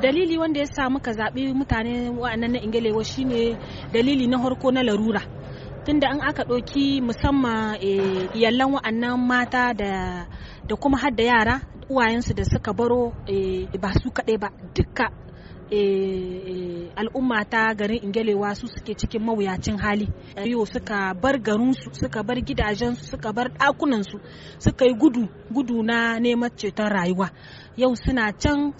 dalili wanda ya sa muka zaɓi mutane wa'annan na ingelewa shine dalili na harko na larura tunda an aka ɗauki musamman eh, iyalan wa'annan mata da kuma hadda yara uwayensu da suka baro eh, ba su kaɗai ba duka eh, al'umma ta garin ingelewa su suke cikin mawuyacin hali yau suka bar garinsu suka bar gidajensu suka bar ɗakunansu suka yi gudu na neman ceton rayuwa yau suna can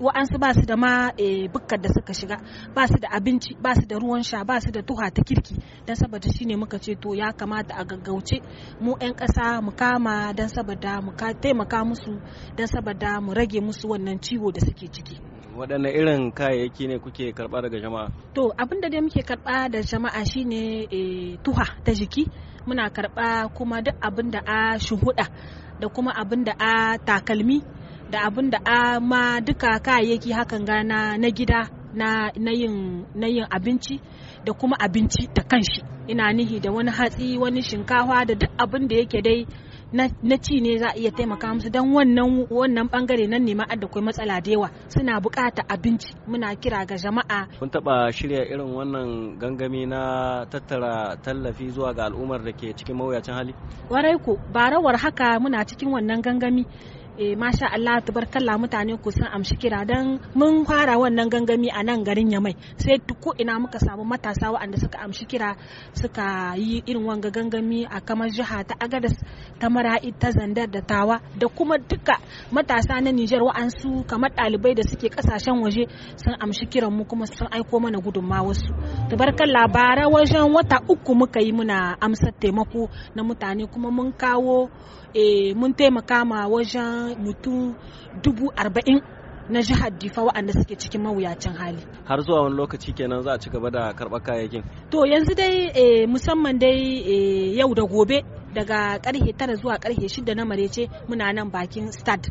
wa'ansu ba su da ma eh, bukkar da suka shiga ba su da abinci ba su da ruwan sha ba su da tuha ta kirki don saboda shine muka ce to ya kamata a gaggauce mu 'yan ƙasa mu kama don saboda mu taimaka musu don saboda mu rage musu wannan ciwo da suke ciki waɗanne irin kayayyaki ne kuke karɓa daga jama'a to abin da dai muke karɓa da jama'a shine eh, tuha ta jiki muna karɓa kuma duk abin da a shuhuda da kuma abin da a takalmi da abin da ma duka kayayyaki hakan gana na gida na yin abinci da kuma abinci da kanshi ina nihi da wani hatsi wani shinkawa da duk abin da yake dai na ci ne za a iya taimaka musu don wannan wannan bangare nan ne ma'ad da kai matsala da yawa suna bukata abinci muna kira ga jama'a kun taba shirya irin wannan gangami na tattara tallafi zuwa ga al'ummar da ke cikin mawuyacin hali warai ku barawar haka muna cikin wannan gangami eh masha Allah tabarkalla mutane ku san amshi kira dan mun fara wannan gangami a nan garin Yamai sai ko ina muka samu matasa waɗanda suka amshi kira suka yi irin wanga gangami a kamar jiha ta Agadas ta Mara'i ta Zandar da Tawa da kuma duka matasa na Nijar wa'ansu kamar ɗalibai da suke kasashen waje sun amshi kiran mu kuma sun aiko mana gudunmawa su tabarkalla bara wajen wata uku muka yi muna amsar taimako na mutane kuma mun kawo eh, mun taimaka ma wajen mutum dubu arba'in na jihar difa waɗanda suke cikin mawuyacin hali har zuwa wani lokaci kenan za a ci gaba da karɓar kayayyakin to yanzu dai e, musamman dai e, yau da gobe daga karhe tara zuwa karhe shida na marece muna nan bakin stad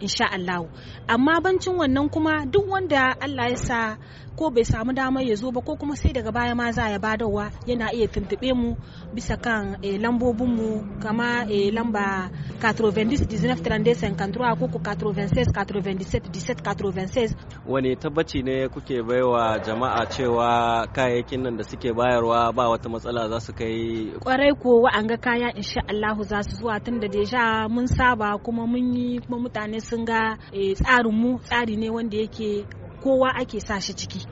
insha Allah amma bancin wannan kuma duk wanda Allah ya sa ko bai samu damar ya zo ba ko kuma sai daga baya ma za ya badawa yana iya tuntube mu bisa kan eh, lambobin mu kama eh, lamba 90-19-33 ko 96 wani tabbaci ne kuke baiwa jama'a cewa kayayyakin nan da suke bayarwa ba wata matsala za su kai kwarai ko wa'anga kaya insha Allah za su zuwa tun da deja mun saba kuma mun yi kuma mutane sun ga eh, tsarin mu tsari ne wanda yake kowa ake sa shi ciki